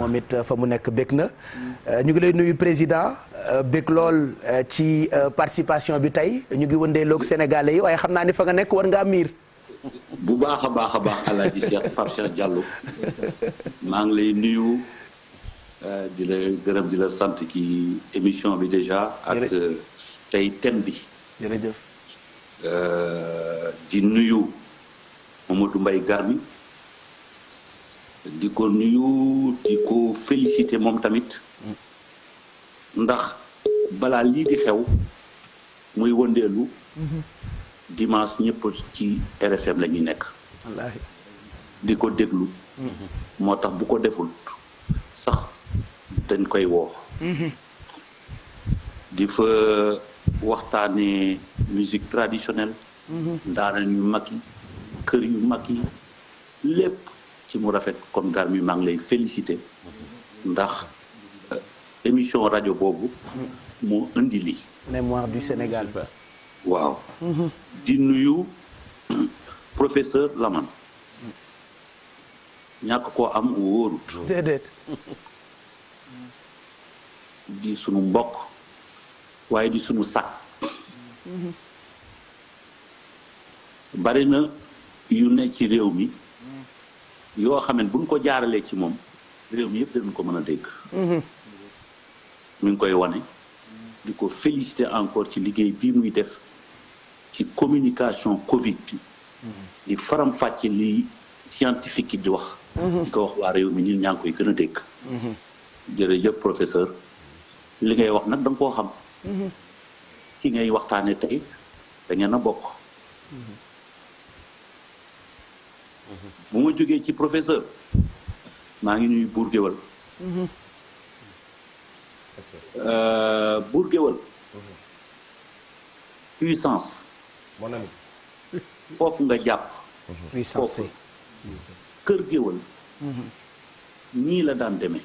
moom it fa mu nekk bég na euh, ñu ngi lay nuyu président euh, bég lool euh, ci participation bi tey ñu ngi wëndeeloog sénégalais yi waaye xam naa ni fa nga nekk war ngaa miir bu baax a baax a baax alaaji Cheikh Far Cheikh maa ngi lay nuyu di la gërëm di la sant ci émission bi déjà ak tey thème bi jërëjëf di nuyu Mamadou Mbaye Garmi di ko nuyu di ko félicité moom tamit ndax balaa lii di xew muy wëndeelu dimanche ñëpp ci RFM la nekk di ko déglu moo tax bu ko deful sax dañ koy woo di fa waxtaane musique traditionnelle mhm. ndaana yu mag yi kër yu mag yi lépp ci mu rafet kon gar mi maa ngi lay félicité ndax euh, émission rajo boobu moo indi lii. mémoire du Sénégal. waaw. di nuyu professeur Lamane. ñàkk ko am wóorut. di sunu mbokk waaye di sunu sàkk. Mm-hmm. bari na yu ne ci réew mi. yoo xam ne bu ñu ko jaaralee ci moom réew mi yëpp dinañ ko mën a dégg. Mhm. mi ngi koy wane di ko féliciter encore ci liggéey bii muy def ci communication Covid bi. Mhm. di faram-fàcce li scientifique yi di wax. Mhm. di ko wax waa réew mi nii ñaa koy gën a dégg. jërëjëf professeur li ngay wax nag da nga koo xam. ki ngay waxtaanee tey da a bokk. bu ma jógee ci professeur maa ngi nuyu buur géwël euh, buur géwël puissance foofu nga jàpp puissance kër géwël nii la daan demee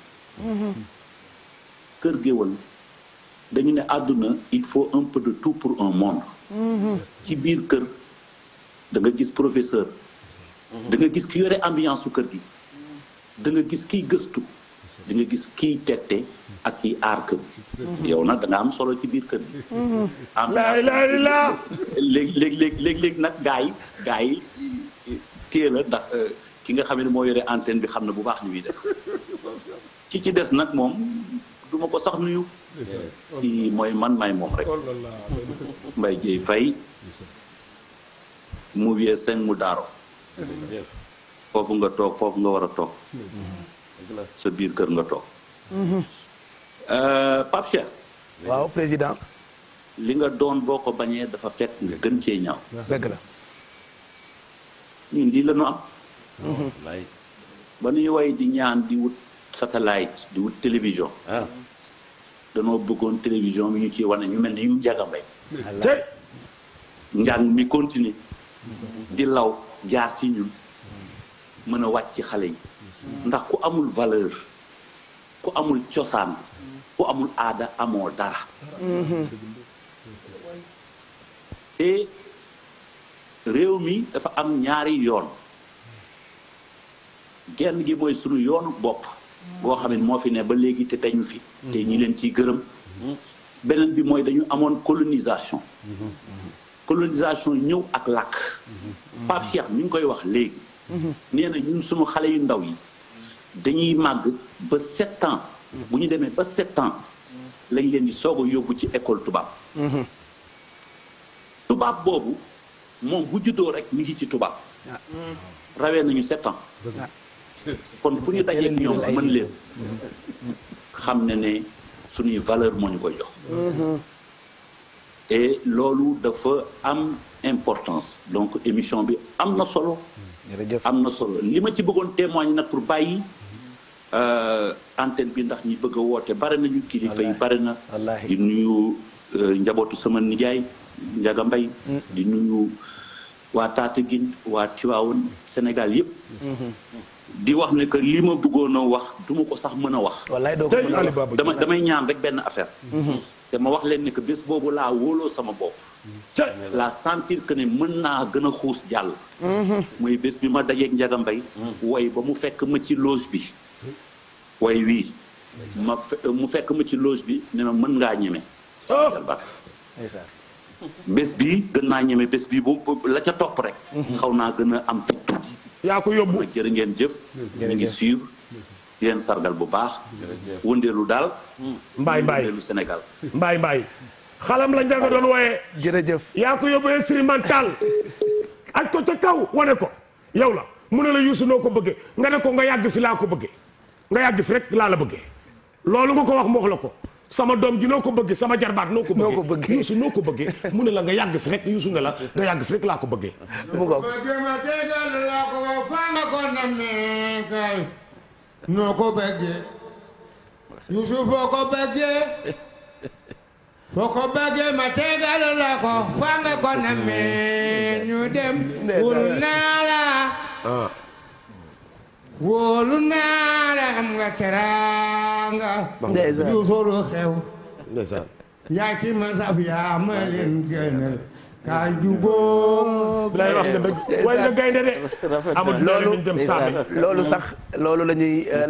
kër géwël dañu ne àdduna il faut un peu de tout pour un monde mhm. ci biir kër da gis professeur Mhm. da nga gis ki yore ambiance su kër gi mhm. da gis kiy gëstu di gis kiy tette ak kiy aar kër gi mhm. yow nag da am solo ci biir kër gi am léegi léegi léeg léegi léegi nag gaay yi gaa yi téye ndax euh, ki nga xam ne moo yore antenne bi xam na bu baax ni muy def ci ci des nag moom du ko sax nuyu ci mooy man may moom rek mbay jëy fay mu wiee seng mu daaro foofu nga toog foofu nga war a toog sa biir kër nga toog euh, Pape waaw président li nga doon boo ko bañee dafa fekk nga gën cee ñaaw dëgg la ñun lii la ñu am ba ñuy way di ñaan di wut satellite di wut télévision ah. danoo bëggoon télévision bi ñu ciy wane ñu mel ni ñu njàgambay njàng mi continue di law jaar ci ñun mën a wàcc xale yi ndax ku amul valeur ku amul cosaan ku amul aada amoo dara te réew mi dafa am ñaari yoon genn gi mooy sunu yoonu bopp boo xam ne moo fi ne ba léegi te dañu fi te ñu leen ciy gërëm mm-hmm. beneen bi mooy dañu amoon colonisation mm-hmm. Mm-hmm. colonisation ñëw ak làkk. Mhm. Pape Cheikh mi ngi koy wax léegi. Mhm. nee na ñun suñu xale yu ndaw yi dañuy màgg ba sept ans. Mhm. bu ñu demee ba sept ans lañ leen di soog a yóbbu ci école tubaab. tubaab boobu moom bu juddoo rek mi ngi ci tubaab. Ah. rawee nañu sept ans. kon fu ñu dajee ak ñoom mën leen xam ne ne suñuy valeur moo ñu koy jox. loolu dafa am importance donc émission bi am na solo. Mm-hmm. am na solo li ma ci bëggoon témoigne nag pour bàyyi mm-hmm. euh, antenne bi ndax ñi bëgg woote bare nañu. kilifa yi bare na. di nuyu euh, njabootu sama nijaay Njaga Mbay mm. di nuyu waa Tattaguine waa Tivaouane Sénégal yëpp. Mm-hmm. di wax ne que li ma bëggoon a wax du ma ko sax mën a wax. wallaay doo ko mën a wax damay ñaan rek benn affaire. Mhm. te ma wax leen ne que bés boobu laa wóoloo sama bopp. laa sentir que ne mën naa gën a xuus jàll. Mhm. muy bés bi ma dajeeg Ndiaga Mbaye mhm. way ba mu fekk ma ci loge bi. way mu fekk ma ci loge bi ne ma mën ngaa ñeme. Oh. bés bi gën naa ñeme bés bi bu la ca topp rek. xaw naa gën a am fit tuuti. yaa ko yóbbu nag jërë ngeen jëf. ñu ngi suivre di sargal bu baax. wëndeelu daal. Hmm. mbaay mbaay wëndeelu mbaay mbaay xalam la njanga doon wooyee. jërëjëf yaa ko yóbbu instrumental. aj ko ca kaw wane ko yow la mu ne la Youssou noo ko bëggee nga ne ko nga yàgg fi laa ko bëggee nga yàgg fi rek laa la bëggee loolu nga ko wax mu la ko. sama doom ji noo ko bëggee sama jarbaat noo ko bëggee Youssou noo ko bëggee mu ne la nga yàgg fi rek ne la nga yàgg fi laa ko bëggee mu foo ko bëggee ma tegal la ko faa nga ko namee ñu dem wul naa la ah. wóolu naa la am nga teraanga. ndeysaan yu solo xew. ndeysaan. yaa ki ma saf yaa ma leen gënal. ka jubóo. bilay wax nga dëgg. way nga gaynde de. rafet na loolu loolu sax loolu la ñuy.